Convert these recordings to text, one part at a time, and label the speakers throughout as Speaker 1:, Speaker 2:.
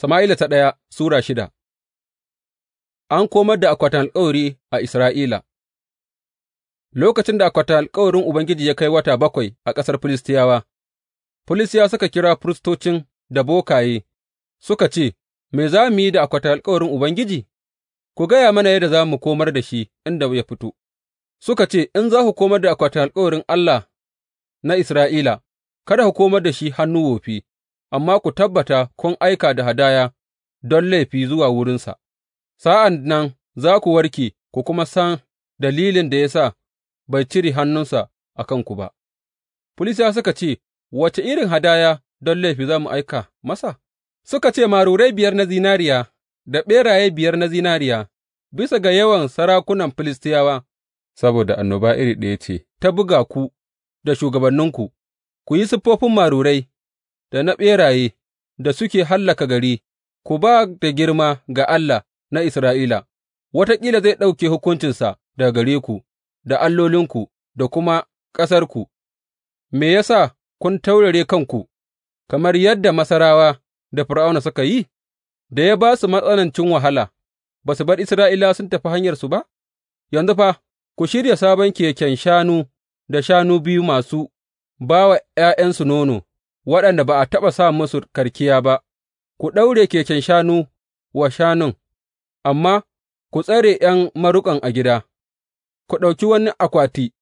Speaker 1: Sama'ila ta ɗaya Sura shida An komar da akwatin alkawari a Isra'ila Lokacin da akwatin alkawarin Ubangiji ya kai wata bakwai a ƙasar Filistiyawa, Filistiyawa suka kira firistocin da bokaye suka ce, Me za mu yi da akwatin alkawarin Ubangiji? Ku gaya mana yadda za mu komar da shi inda ya fito. Suka ce, In za ku komar da akwatin alkawarin Allah na Isra'ila, kada ku komar da shi hannu wofi, amma ku tabbata kun aika da hadaya don laifi zuwa wurinsa, sa'an nan za ku warke ku kuma san dalilin da ya sa bai cire hannunsa a kanku ba. Filistiyawa suka ce, Wace irin hadaya don laifi za mu aika masa? Suka ce, Marurai biyar na zinariya da ɓeraye biyar na zinariya, bisa ga yawan sarakunan Filistiyawa, saboda annoba iri ɗaya ce ta buga ku da shugabanninku, ku yi siffofin marurai da na ɓeraye da suke hallaka gari, ku ba da girma ga Allah na Isra'ila, wataƙila zai ɗauke hukuncinsa daga gare ku, da allolinku, da kuma ƙasarku, me ya sa kun taurare kanku, kamar yadda Masarawa da Fir'auna suka yi, da ya ba su matsanancin wahala, ba su bar Isra'ila sun tafi hanyarsu ba? Yanzu fa, ku shirya sabon keken shanu da shanu biyu masu ba wa ’ya'yansu nono. waɗanda ba a taɓa sa musu karkiya ba, ku ɗaure keken shanu wa shanun, amma ku tsare ’yan maruƙan a gida, ku ɗauki wani akwati,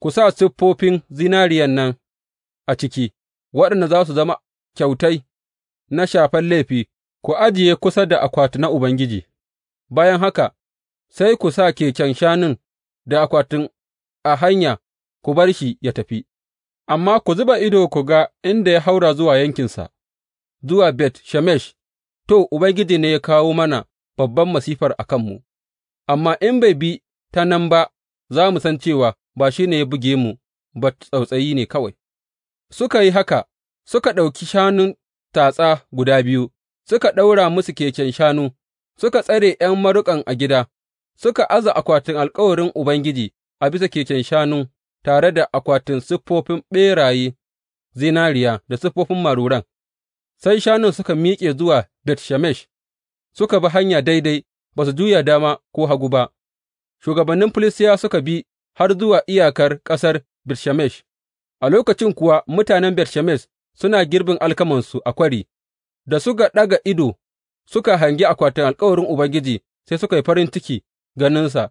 Speaker 1: ku sa siffofin zinariyan nan a ciki, waɗanda za su zama kyautai na shafan laifi, ku ajiye kusa da akwati na Ubangiji, bayan haka, sai ku sa keken shanun da akwatin a hanya, ku bar shi ya tafi. amma ku zuba ido ku ga inda ya haura zuwa yankinsa, zuwa Bet Shemesh, to, Ubangiji ne ya kawo mana babban masifar a kanmu, amma in bai bi ta nan ba, za mu san cewa ba shi ne ya buge mu ba tsautsayi ne kawai. Suka yi haka, suka ɗauki shanun tatsa guda biyu, suka ɗaura musu keken shanu, suka tsare ’yan maruƙan a gida, suka aza akwatin alkawarin Ubangiji a bisa keken shanun tare da akwatin siffofin ɓeraye, zinariya da siffofin maruran, sai shanun suka miƙe zuwa Bet Shemesh, suka bi hanya daidai, ba su juya dama ko hagu ba. Shugabannin Filistiyawa suka bi har zuwa iyakar ƙasar Bet Shemesh, a lokacin kuwa mutanen Bet Shemesh suna girbin alkamansu a kwari, da suka ɗaga ido suka hangi akwatin alkawarin Ubangiji sai suka yi farin ciki ganinsa,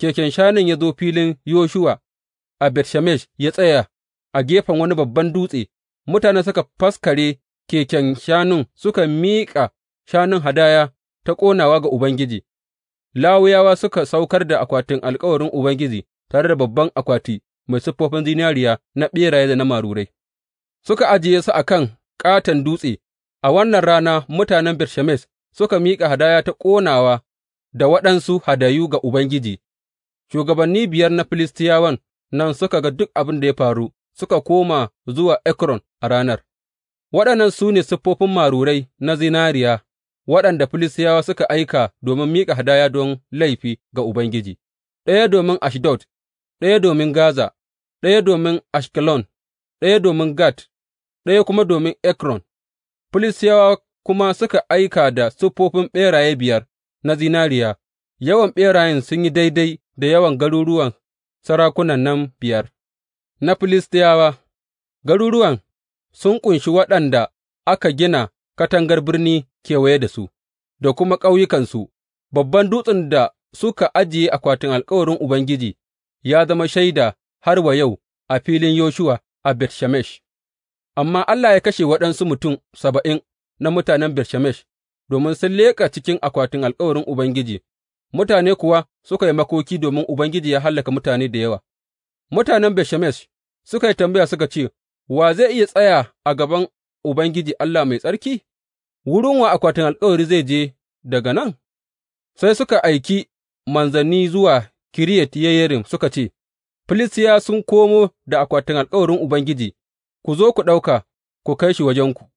Speaker 1: keken shanun ya zo filin Yoshuwa a Bet Shemesh ya tsaya a gefen wani babban dutse, mutane suka faskare keken shanun suka miƙa shanun hadaya ta ƙonawa ga Ubangiji, Lawuyawa suka saukar da akwatin alkawarin Ubangiji tare da babban akwati mai siffofin zinariya na ɓeraye da na marurai, suka ajiye su a kan ƙaton dutse, a wannan rana mutanen Bet suka miƙa hadaya ta ƙonawa da waɗansu hadayu ga Ubangiji, shugabanni biyar na Filistiyawan nan suka ga duk abin da ya faru, suka koma zuwa Ekron a ranar. Waɗannan su ne siffofin marurai na zinariya waɗanda Filistiyawa suka aika domin miƙa hadaya don laifi ga Ubangiji, ɗaya domin Ashdod, ɗaya domin Gaza, ɗaya domin Ashkelon, ɗaya domin Gat, ɗaya kuma domin Ekron. Filistiyawa kuma suka aika da siffofin ɓeraye biyar na zinariya, yawan ɓerayen sun yi daidai da yawan garuruwan sarakunan nan biyar na Filistiyawa, garuruwan sun ƙunshi waɗanda aka gina katangar birni kewaye da su, da kuma ƙauyukansu, babban dutsen da suka ajiye akwatin alkawarin Ubangiji ya zama shaida har wa yau a filin Yoshuwa a Bet Shemesh. Amma Allah ya kashe waɗansu mutum saba'in na mutanen Bet Shemesh domin sun leƙa cikin akwatin alkawarin Ubangiji mutane kuwa suka yi makoki domin Ubangiji ya hallaka mutane da yawa. Mutanen Shemesh suka yi tambaya suka ce, Wa zai iya tsaya a gaban Ubangiji Allah mai tsarki? Wurin wa akwatin alkawari zai je daga nan? Sai suka aiki manzanni zuwa Kiriyat Yeyarim suka ce, filistiya sun komo da akwatin alkawarin Ubangiji, ku zo ku ɗauka, ku kai shi wajenku.